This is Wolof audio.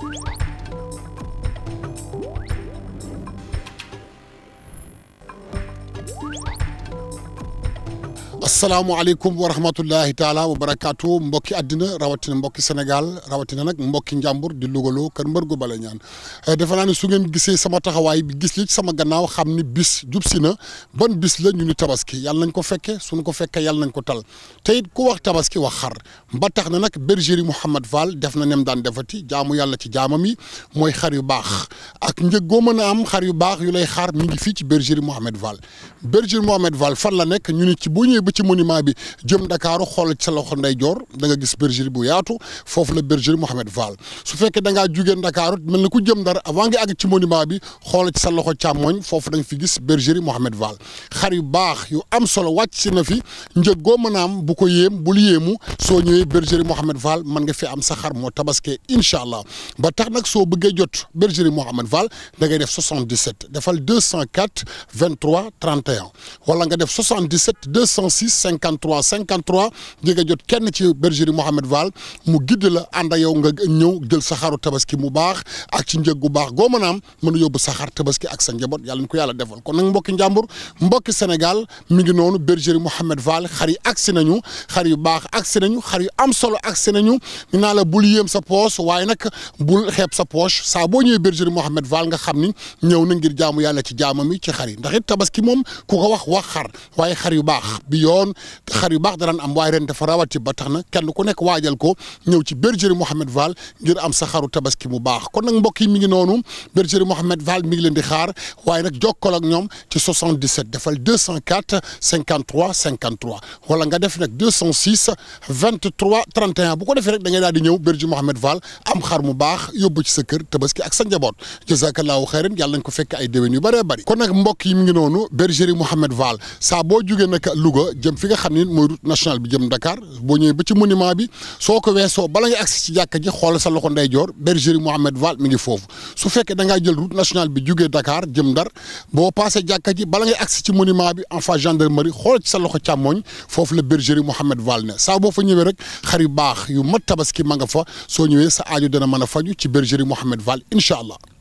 Thank you. asalaamualeykum wa rahmatullahi taala wa barakaatu mbokki àddina rawatina mbokki senegal rawatina nag mbokki njàmbur di lugaloo kër mbër gu bale ñaan eh, defe naa ne su ngeen gisee sama taxawaay bi gis li sama gannaaw xam ni bis jub si na ban bis la ñu ni tabaski yàlla nañ ko fekke suñu ko fekkee yàlla nañ ko tal te it ku wax tabaski wax xar ba tax na nag bergerie Mouhamad Fall def na nem daan defati jaamu yàlla ci jaamam yi mooy xar yu baax ak njëg goo mën a am xar yu baax yu lay xaar mi fii ci bergerie Mouhamad Fall bergerie Mouhamad Fall fan la nekk ñu ci bu ñëwee monument bi jëm Ndakaaru xool ci sa loxo ndeyjoor da nga gis bergerie bu yaatu foofu la bergerie Mouhamed Fall su fekkee da ngaa jugee Ndakaaru mel na ku jëm Ndar avant nga àgg ci monument bi xool ci sa foofu da nga fi gis bergerie Mouhamed Fall xar yu baax yu am solo wàcc na fi njëg goo mën a am bu ko yéem bul yéemu soo ñëwee bergerie Mouhamed Fall mën nga fi am sax xar moo tabaskee incha allah ba tax nag soo bëggee jot bergerie Mouhamed Fall da ngay def 77 defal 204 23 31 wala nga def 77 6 53 53 di nga jot kenn ci bergerie Mouhamed Vall mu gidd la ànd ak yow nga ñëw jël sa xaru tabaski mu baax ak ci njëg gu baax goo mën a am mën a yóbbu sa xar tabaski ak sa njaboot yàlla ko yàlla defal kon nag mbokki njàmbur mbokki Sénégal mi ngi noonu bergerie Mouhamed Vall xar yi agsi nañu xar yu baax agsi nañu xar yu am solo ak nañu ñu naa la bul yéem sa poche waaye nag bul xeeb sa poche saa boo ñëwee bergerie Mouhamed Vall nga xam ni ñëw na ngir jaamu yàlla ci jaamam yi ci xar yi ndax it moom yoon xar yu baax daran am waaye ren dafa rawat ci ba tax na kenn ko nekk waajal ko ñëw ci bergerie Mouhamed Vall ngir am sa xaru tabaski mu baax kon nag mbokk yi mi ngi noonu bergerie Mouhamed Vall mi ngi leen di xaar waaye nag jokkoo ak ñoom ci 77 defal 204 53 53 wala nga def nag 206 23 31 bu ko defee da ngay daal di ñëw bergerie Mouhamed Vall am xar yóbbu ci sa kër tabaski ak sa njaboot jazakallahu xayran yàlla nañ fekk ay déwén yu bëree kon nag mbokk yi mi ngi noonu bergerie Mouhamed Vall saa boo jugee nag Louga jëm fi nga xam ne mooy route nationale bi jëm Dakar boo ñëwee ba ci monument bi soo ko weesoo bala nga agsi ci jàkka ji xoolal sa loxo ndeyjoor bergerie Mohamed Vall mi ngi foofu su fekkee da ngaa jël route nationale bi jugee Dakar jëm Ndar boo passé jàkka ji bala ngay agsi ci monument bi en face gendarmerie xool ci sa loxo càmmoñ foofu la bergerie Mohamed Vall ne saa boo fa ñëwee rek xar yu baax yu mat tabaski ma nga fa soo ñëwee sa aajo dana mën a faju ci bergerie Mohamed Vall incha allah